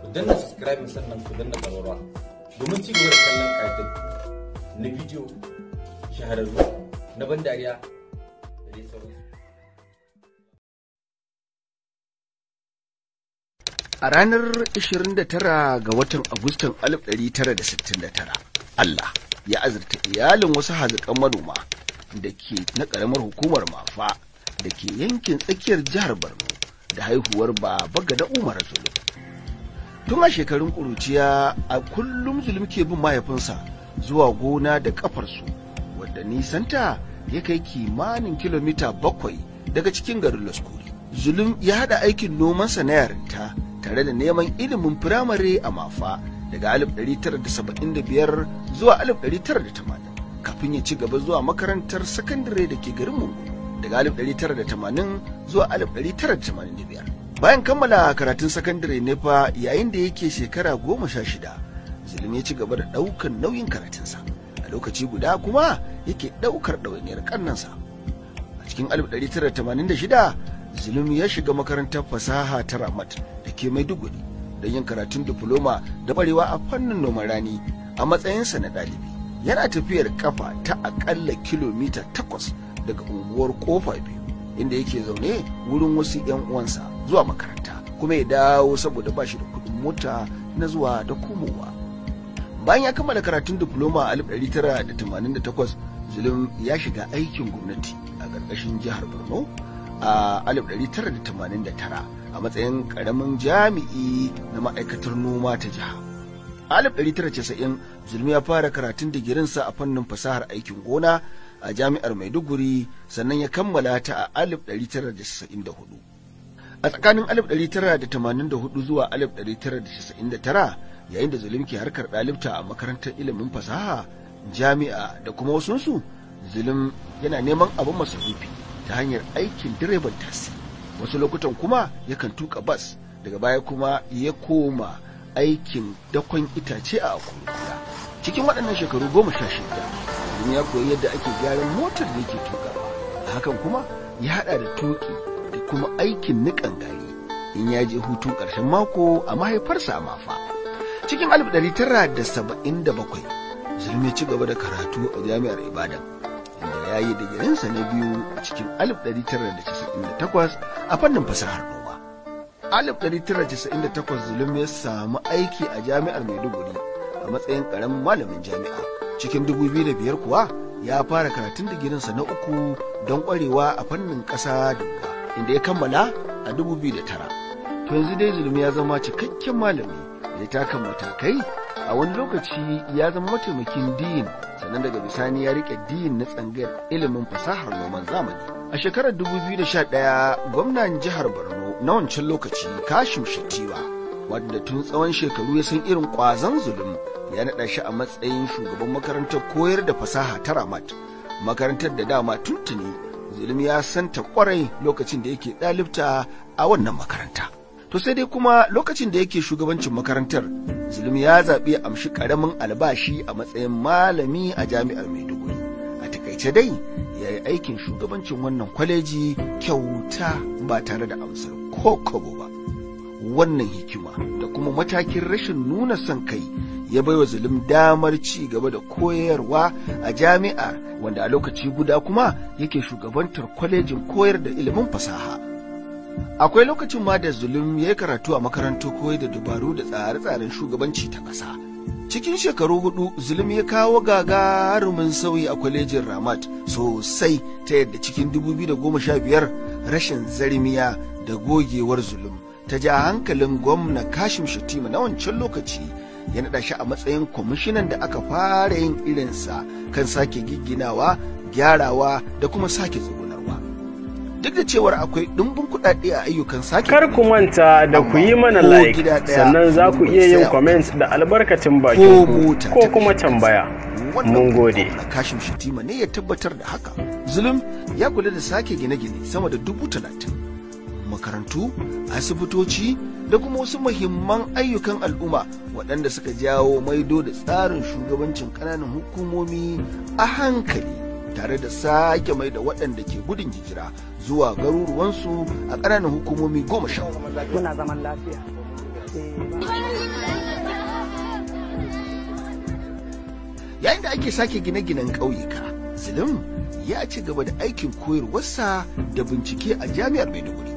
ku danna subscribe sannan ku danna ƙararwa domin ci da kallon ƙa'idan na bidiyo shahararru na ban dariya da A ranar 29 ga watan Agustan 1969, Allah ya azurta iyalin wasu haziƙan manoma da ke na ƙaramar hukumar mafa da ke yankin tsakiyar jihar Borno da haihuwar baba gada Umar Zulu. tun a shekarun ƙuruciya a kullum zulum ke bin mahaifinsa zuwa gona da ƙafarsu wadda nisanta ya kai kimanin kilomita bakwai daga cikin garin laskuri zulum ya haɗa aikin nomansa na yarinta tare da neman ilimin firamare a mafa daga 1975 zuwa 1980 kafin ya ci gaba zuwa makarantar sakandare da ke garin mungu daga 1980 zuwa 1985 bayan kammala karatun sakandare ne fa yayin da yake shekara goma sha shida zulum ya ci gaba da ɗaukar nauyin karatunsa a lokaci guda kuma yake ɗaukar ɗawainiyar kannansa a cikin 1986 zulum ya shiga makarantar fasaha ta ramat da ke maiduguri don yin karatun difloma da barewa a fannin noman rani a matsayinsa na ɗalibi yana tafiyar kafa ta aƙalla kilomita takwas daga unguwar kofa biyu inda yake zaune wurin wasu 'yan uwansa zuwa makaranta kuma ya dawo saboda bashi da kuɗin mota na zuwa da komowa bayan ya kammala karatun diploma a 1988 zulum ya shiga aikin gwamnati a ƙarƙashin jihar borno a 1989 a matsayin ƙaramin jami'i na ma'aikatar noma ta jiha 1990 zulum ya fara karatun digirinsa a fannin fasahar aikin gona a jami'ar Maiduguri sannan ya kammala ta a 1994. A tsakanin 1984 zuwa 1999 yayin da Zulum ke harkar ɗalibta a makarantar ilimin fasaha, jami'a da kuma wasunsu, Zulum yana neman abin masarufi ta hanyar aikin direban tasi. Wasu lokutan kuma yakan tuka bas, daga baya kuma ya koma aikin dakon itace a akwai Cikin waɗannan shekaru goma sha shida. domin ya koyi yadda ake gyaran motar da yake tukawa a hakan kuma ya hada da tuki da kuma aikin nikan gari in ya je hutun ƙarshen mako a mahaifarsa a mafa cikin 1977 zulmi ci gaba da karatu a jami'ar ibadan inda ya yi digirinsa na biyu a cikin 1998 a fannin fasahar noma 1998 zulmi ya samu aiki a jami'ar maiduguri a matsayin karamin malamin jami'a cikin 2005 kuwa ya fara karatun digirinsa na uku don ƙwarewa a fannin ƙasa da inda ya kammala a tara. to yanzu dai zulumi ya zama cikakken malami ya taka matakai a wani lokaci ya zama mataimakin diyin sannan daga bisani ya rike diyin na tsangayar ilimin fasahar noman zamani a shekarar 2011 gwamnan jihar borno na wancan lokaci kashim shattiwa wadda tun tsawon shekaru ya san irin ƙwazon zulum ya naɗa shi a matsayin shugaban makarantar koyar da fasaha ta ramat makarantar da dama tuntuni zulum ya santa kwarai lokacin da yake ɗalibta a wannan makaranta to sai dai kuma lokacin da yake shugabancin makarantar zulum ya zaɓi amshi ƙaramin albashi a matsayin malami a jami'ar maiduguri a takaice dai ya yi aikin shugabancin wannan kwaleji kyauta ba tare da amsar ko kobo ba wannan hikima da kuma matakin rashin nuna son kai ya baiwa zulum damar ci gaba da koyarwa a jami'a wanda a lokaci guda kuma yake shugabantar kwalejin koyar da ilimin fasaha akwai lokacin ma da zulum ya yi karatu a makarantar koyi da dabaru da tsare-tsaren shugabanci ta ƙasa cikin shekaru hudu zulum ya kawo gagarumin sauyi a kwalejin ramat sosai ta yadda cikin dubu biyu da goma sha biyar rashin zarmiya da gogewar zulum ta ja hankalin gwamna kashim shatima na wancan lokaci ya naɗa shi a matsayin kwamishinan da aka fara yin irinsa kan sake gigginawa gyarawa da kuma sake tsugunarwa duk da cewar akwai ɗumbin kuɗaɗe a ayyukan sake kar ku manta da ku yi mana like sannan za ku iya yin comment da albarkacin bakin ku ko kuma tambaya mun gode kashim shitima ne ya tabbatar da haka zulum ya kula da sake gine-gine sama da dubu talatin makarantu asibitoci da kuma wasu muhimman ayyukan al'umma waɗanda suka jawo maido da tsarin shugabancin ƙananan hukumomi a hankali tare da sake mai da waɗanda ke gudun jijira zuwa garuruwansu a ƙananan hukumomi goma sha yayin da ake sake gine-ginen ƙauyuka zilim ya ci gaba da aikin koyarwarsa da bincike a jami'ar maiduguri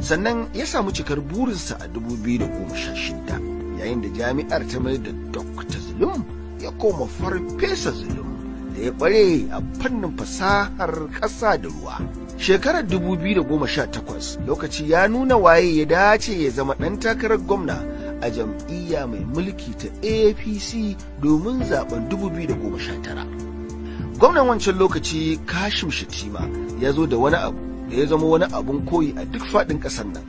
sannan ya samu cikar burinsa a 2016 yayin da jami'ar ta mai da dr zulum ya koma farfesa zulum da ya kware a fannin fasahar ƙasa da ruwa shekarar 2018 lokaci ya nuna waye ya dace ya zama ɗan takarar gwamna a jam'iyya mai mulki ta apc domin zaben 2019 gwamnan wancan lokaci kashim shatima ya zo da wani abu da ya zama wani abun koyi a duk faɗin ƙasar nan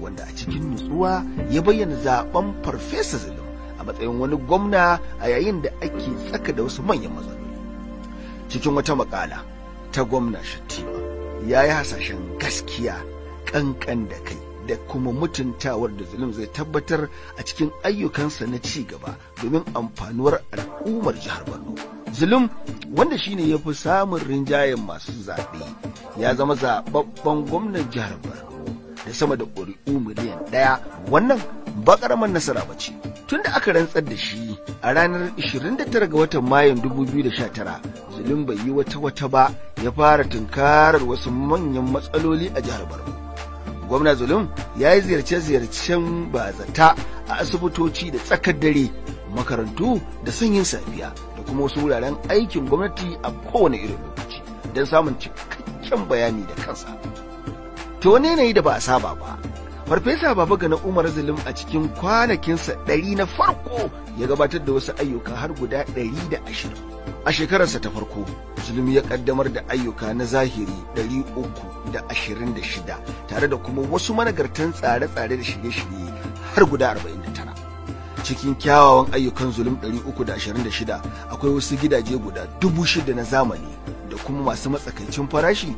wanda a cikin nutsuwa ya bayyana zaben farfesa zulum a matsayin wani gwamna a yayin da ake tsaka da wasu manyan matsaloli cikin wata makala ta gwamna shattima ya yi hasashen gaskiya kankan da kai da kuma mutuntawar da zulum zai tabbatar a cikin ayyukansa na ci gaba domin amfanuwar al'ummar jihar borno zulum wanda shine ya fi samun rinjayen masu zaɓe ya zama zaɓaɓɓen gwamnan jihar borno da sama da ƙuri'u miliyan ɗaya wannan ba ƙaramin nasara ba ce tun da aka rantsar da shi a ranar 29 ga watan mayun 2019 zulum bai yi wata wata ba ya fara tunkarar wasu manyan matsaloli a jihar borno gwamna zulum ya yi ziyarce-ziyarcen ba-zata a asibitoci da tsakar dare makarantu da sanyin safiya da kuma wasu wuraren aikin gwamnati a kowane irin lokaci don samun cikakken bayani da kansa. To wani yanayi da ba a saba ba, Farfesa Baba Gana Umar Zulum a cikin kwanakinsa ɗari na farko ya gabatar da wasu ayyuka har guda ɗari da ashirin. A shekararsa ta farko, Zulum ya ƙaddamar da ayyuka na zahiri ɗari uku da ashirin da shida tare da kuma wasu managartan tsare-tsare da shirye-shirye har guda arba'in. cikin kyawawan ayyukan zulum 326 akwai wasu gidaje guda dubu shida na zamani da kuma masu matsakaicin farashi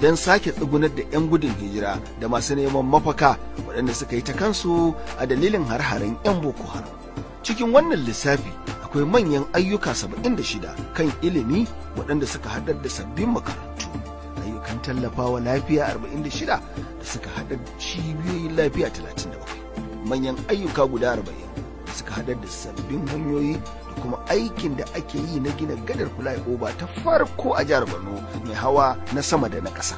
don sake tsugunar da 'yan gudun hijira da masu neman mafaka waɗanda suka yi ta kansu a dalilin harharen 'yan boko haram cikin wannan lissafi akwai manyan ayyuka 76 kan ilimi waɗanda suka haɗar da sabbin makarantu ayyukan tallafawa lafiya 46 da suka haɗar cibiyoyin lafiya 37 manyan ayyuka guda 40 suka haɗa da sabbin hanyoyi da kuma aikin da ake yi na gina gadar flyover ta farko a jihar borno mai hawa na sama da na ƙasa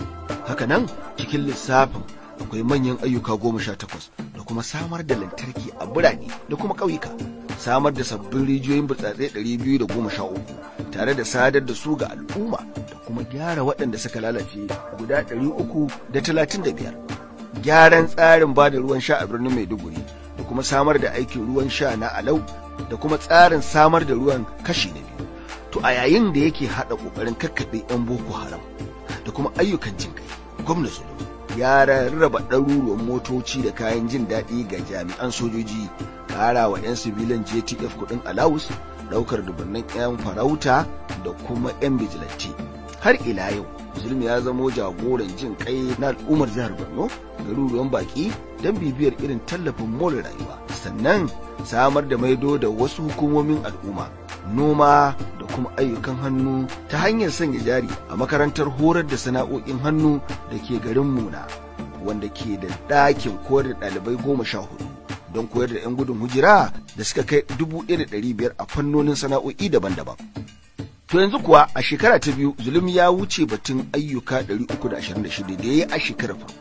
Haka nan, cikin lissafin akwai manyan ayyuka goma sha takwas da kuma samar da lantarki a birane da kuma ƙauyuka samar da sabbin rijiyoyin burtsatsai biyu da goma sha uku tare da sadar da su ga al'umma da kuma gyara waɗanda suka lalace guda ɗari uku da talatin da biyar gyaran tsarin ba da ruwan sha a birnin maiduguri kuma samar da aikin ruwan sha na alau da kuma tsarin samar da ruwan kashi na biyu to a yayin da yake haɗa ƙoƙarin kakkaɓe 'yan boko haram da kuma ayyukan jin kai gwamna zulum ya rarraba ɗaruruwan motoci da kayan jin daɗi ga jami'an sojoji ƙara wa 'yan sibilan jtf kuɗin alaus ɗaukar dubannin 'yan farauta da kuma 'yan bijilanti har ila yau Musulmi ya zamo jagoran jin kai na al'ummar jihar borno garuruwan baki don bibiyar irin tallafin more rayuwa sannan samar da maido da wasu hukumomin al'umma noma da kuma ayyukan hannu ta hanyar sanya jari a makarantar horar da sana'o'in hannu da ke garin muna wanda ke da ɗakin koyar da ɗalibai goma sha hudu don koyar da 'yan gudun hujira da suka kai dubu ɗaya ɗari biyar a fannonin sana'o'i daban-daban To yanzu kuwa a shekara ta biyu zulum ya wuce batun ayyuka 326 da ya yi a shekarar farko.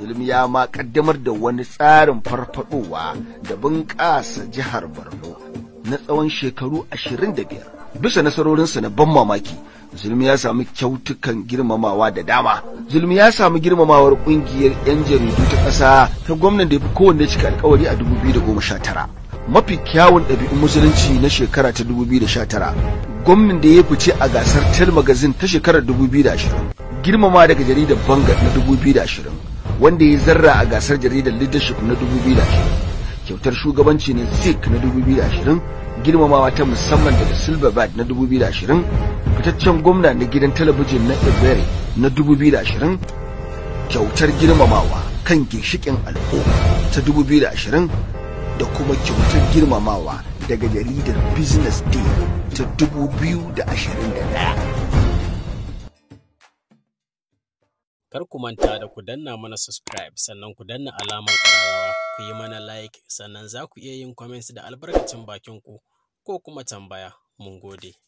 Zulum ya ma kaddamar da wani tsarin farfadowa da bunƙasa jihar Borno na tsawon shekaru 25. Bisa nasarorinsa na ban mamaki, Zulmi ya samu kyautukan girmamawa da dama. Zulmi ya samu girmamawar kungiyar 'yan jaridu ta ƙasa ta gwamnan da ya fi kowanne cika alkawari a 2019. mafi kyawun ɗabi'un musulunci na shekara ta 2019 gwamnan da ya fice a gasar tel magazin ta shekarar 2020 girmama daga jaridar banga na 2020 wanda ya zarra a gasar jaridar leadership na 2020 kyautar shugabanci na zik na 2020 girmamawa ta musamman daga bad na 2020 fitaccen gwamna na gidan talabijin na ebere na 2020 kyautar girmamawa kan ginshikin al'umma ta 2020 da kuma kyautar girmamawa daga jaridar business day ta 2021 kar ku manta da ku danna mana subscribe sannan ku danna alamar ƙararrawa ku yi mana like sannan za ku iya yin comments da albarkacin bakin ku ko kuma tambaya mun gode